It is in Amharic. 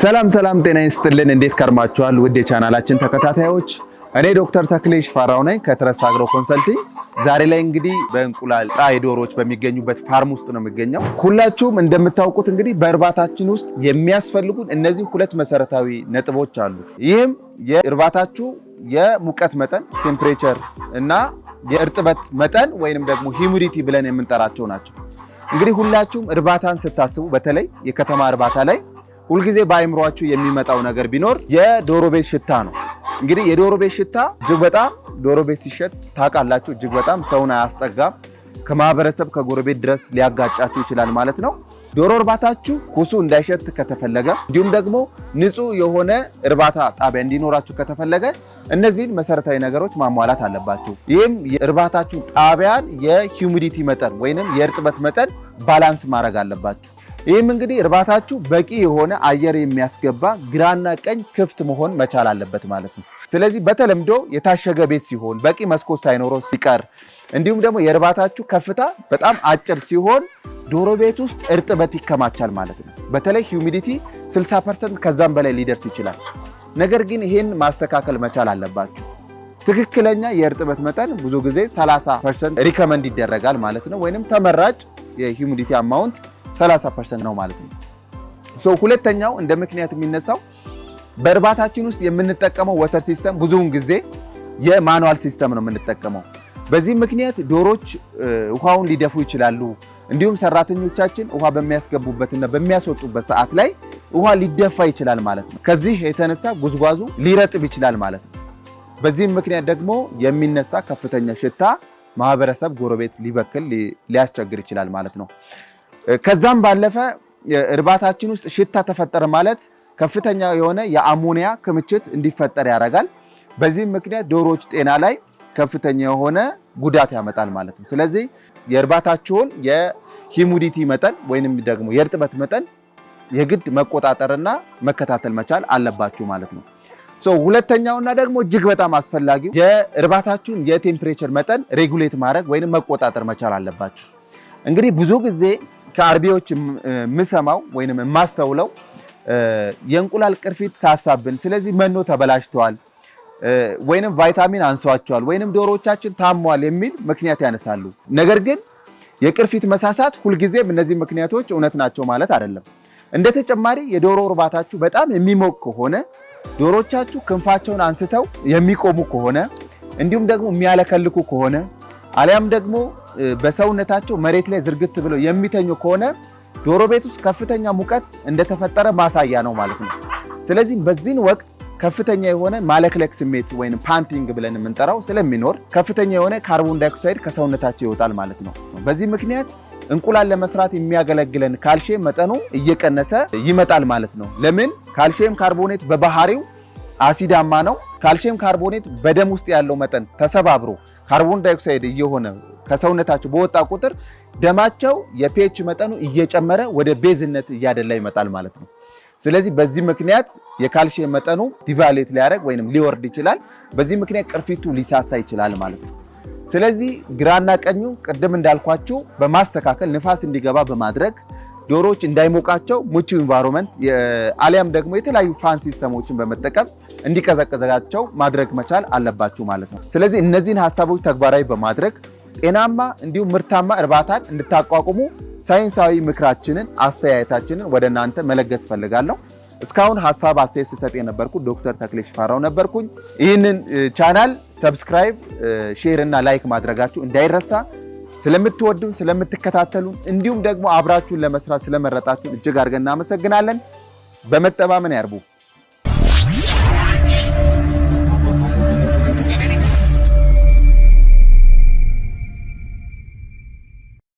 ሰላም ሰላም፣ ጤና ይስጥልን። እንዴት ከርማችኋል? ውድ የቻናላችን ተከታታዮች፣ እኔ ዶክተር ተክሌ ሽፈራው ነኝ ከትረስት አግሮ ኮንሰልቲንግ። ዛሬ ላይ እንግዲህ በእንቁላል ጣይ ዶሮዎች በሚገኙበት ፋርም ውስጥ ነው የሚገኘው። ሁላችሁም እንደምታውቁት እንግዲህ በእርባታችን ውስጥ የሚያስፈልጉን እነዚህ ሁለት መሰረታዊ ነጥቦች አሉ። ይህም የእርባታችሁ የሙቀት መጠን ቴምፕሬቸር እና የእርጥበት መጠን ወይንም ደግሞ ሂዩሚዲቲ ብለን የምንጠራቸው ናቸው። እንግዲህ ሁላችሁም እርባታን ስታስቡ በተለይ የከተማ እርባታ ላይ ሁልጊዜ በአይምሯችሁ የሚመጣው ነገር ቢኖር የዶሮ ቤት ሽታ ነው። እንግዲህ የዶሮ ቤት ሽታ እጅግ በጣም ዶሮ ቤት ሲሸጥ ታውቃላችሁ፣ እጅግ በጣም ሰውን አያስጠጋም። ከማህበረሰብ ከጎረቤት ድረስ ሊያጋጫችሁ ይችላል ማለት ነው። ዶሮ እርባታችሁ ኩሱ እንዳይሸት ከተፈለገ እንዲሁም ደግሞ ንጹህ የሆነ እርባታ ጣቢያ እንዲኖራችሁ ከተፈለገ እነዚህን መሰረታዊ ነገሮች ማሟላት አለባችሁ። ይህም የእርባታችሁ ጣቢያን የሂውሚዲቲ መጠን ወይንም የእርጥበት መጠን ባላንስ ማድረግ አለባችሁ። ይህም እንግዲህ እርባታችሁ በቂ የሆነ አየር የሚያስገባ ግራና ቀኝ ክፍት መሆን መቻል አለበት ማለት ነው። ስለዚህ በተለምዶ የታሸገ ቤት ሲሆን በቂ መስኮት ሳይኖረው ሲቀር፣ እንዲሁም ደግሞ የእርባታችሁ ከፍታ በጣም አጭር ሲሆን ዶሮ ቤት ውስጥ እርጥበት ይከማቻል ማለት ነው። በተለይ ሂውሚዲቲ 60 ፐርሰንት ከዛም በላይ ሊደርስ ይችላል። ነገር ግን ይህን ማስተካከል መቻል አለባችሁ። ትክክለኛ የእርጥበት መጠን ብዙ ጊዜ 30 ፐርሰንት ሪከመንድ ይደረጋል ማለት ነው። ወይንም ተመራጭ የሂውሚዲቲ አማውንት 30 ፐርሰንት ነው ማለት ነው። ሁለተኛው እንደ ምክንያት የሚነሳው በእርባታችን ውስጥ የምንጠቀመው ወተር ሲስተም ብዙውን ጊዜ የማኑዋል ሲስተም ነው የምንጠቀመው። በዚህ ምክንያት ዶሮች ውሃውን ሊደፉ ይችላሉ። እንዲሁም ሰራተኞቻችን ውሃ በሚያስገቡበትና በሚያስወጡበት ሰዓት ላይ ውሃ ሊደፋ ይችላል ማለት ነው። ከዚህ የተነሳ ጉዝጓዙ ሊረጥብ ይችላል ማለት ነው። በዚህም ምክንያት ደግሞ የሚነሳ ከፍተኛ ሽታ ማህበረሰብ፣ ጎረቤት ሊበክል ሊያስቸግር ይችላል ማለት ነው። ከዛም ባለፈ እርባታችን ውስጥ ሽታ ተፈጠረ ማለት ከፍተኛ የሆነ የአሞኒያ ክምችት እንዲፈጠር ያደርጋል። በዚህም ምክንያት ዶሮዎች ጤና ላይ ከፍተኛ የሆነ ጉዳት ያመጣል ማለት ነው። ስለዚህ የእርባታችሁን የሂሙዲቲ መጠን ወይንም ደግሞ የእርጥበት መጠን የግድ መቆጣጠርና መከታተል መቻል አለባችሁ ማለት ነው። ሁለተኛውና ደግሞ እጅግ በጣም አስፈላጊው የእርባታችሁን የቴምፕሬቸር መጠን ሬጉሌት ማድረግ ወይም መቆጣጠር መቻል አለባችሁ። እንግዲህ ብዙ ጊዜ ከአርቢዎች የምሰማው ወይም የማስተውለው የእንቁላል ቅርፊት ሳሳብን፣ ስለዚህ መኖ ተበላሽተዋል ወይንም ቫይታሚን አንሷቸዋል ወይንም ዶሮዎቻችን ታሟል የሚል ምክንያት ያነሳሉ። ነገር ግን የቅርፊት መሳሳት ሁልጊዜም እነዚህ ምክንያቶች እውነት ናቸው ማለት አይደለም። እንደ ተጨማሪ የዶሮ እርባታችሁ በጣም የሚሞቅ ከሆነ ዶሮቻችሁ ክንፋቸውን አንስተው የሚቆሙ ከሆነ እንዲሁም ደግሞ የሚያለከልኩ ከሆነ አሊያም ደግሞ በሰውነታቸው መሬት ላይ ዝርግት ብለው የሚተኙ ከሆነ ዶሮ ቤት ውስጥ ከፍተኛ ሙቀት እንደተፈጠረ ማሳያ ነው ማለት ነው። ስለዚህ በዚህን ወቅት ከፍተኛ የሆነ ማለክለክ ስሜት ወይም ፓንቲንግ ብለን የምንጠራው ስለሚኖር ከፍተኛ የሆነ ካርቦን ዳይኦክሳይድ ከሰውነታቸው ይወጣል ማለት ነው። በዚህ ምክንያት እንቁላል ለመስራት የሚያገለግለን ካልሽየም መጠኑ እየቀነሰ ይመጣል ማለት ነው። ለምን? ካልሽየም ካርቦኔት በባህሪው አሲዳማ ነው። ካልሽየም ካርቦኔት በደም ውስጥ ያለው መጠን ተሰባብሮ ካርቦን ዳይኦክሳይድ እየሆነ ከሰውነታቸው በወጣ ቁጥር ደማቸው የፒኤች መጠኑ እየጨመረ ወደ ቤዝነት እያደላ ይመጣል ማለት ነው። ስለዚህ በዚህ ምክንያት የካልሽየም መጠኑ ዲቫሌት ሊያደርግ ወይም ሊወርድ ይችላል። በዚህ ምክንያት ቅርፊቱ ሊሳሳ ይችላል ማለት ነው። ስለዚህ ግራና ቀኙ ቅድም እንዳልኳችሁ በማስተካከል ንፋስ እንዲገባ በማድረግ ዶሮዎች እንዳይሞቃቸው ምቹ ኢንቫይሮንመንት አሊያም ደግሞ የተለያዩ ፋን ሲስተሞችን በመጠቀም እንዲቀዘቀዘጋቸው ማድረግ መቻል አለባችሁ ማለት ነው። ስለዚህ እነዚህን ሀሳቦች ተግባራዊ በማድረግ ጤናማ እንዲሁም ምርታማ እርባታን እንድታቋቁሙ ሳይንሳዊ ምክራችንን፣ አስተያየታችንን ወደ እናንተ መለገስ ፈልጋለሁ። እስካሁን ሀሳብ አስተያየት ስሰጥ የነበርኩ ዶክተር ተክሌ ሽፈራው ነበርኩኝ። ይህንን ቻናል ሰብስክራይብ፣ ሼር እና ላይክ ማድረጋችሁ እንዳይረሳ። ስለምትወዱን ስለምትከታተሉን፣ እንዲሁም ደግሞ አብራችሁን ለመስራት ስለመረጣችሁን እጅግ አድርገን እናመሰግናለን። በመጠማመን ያርቡ።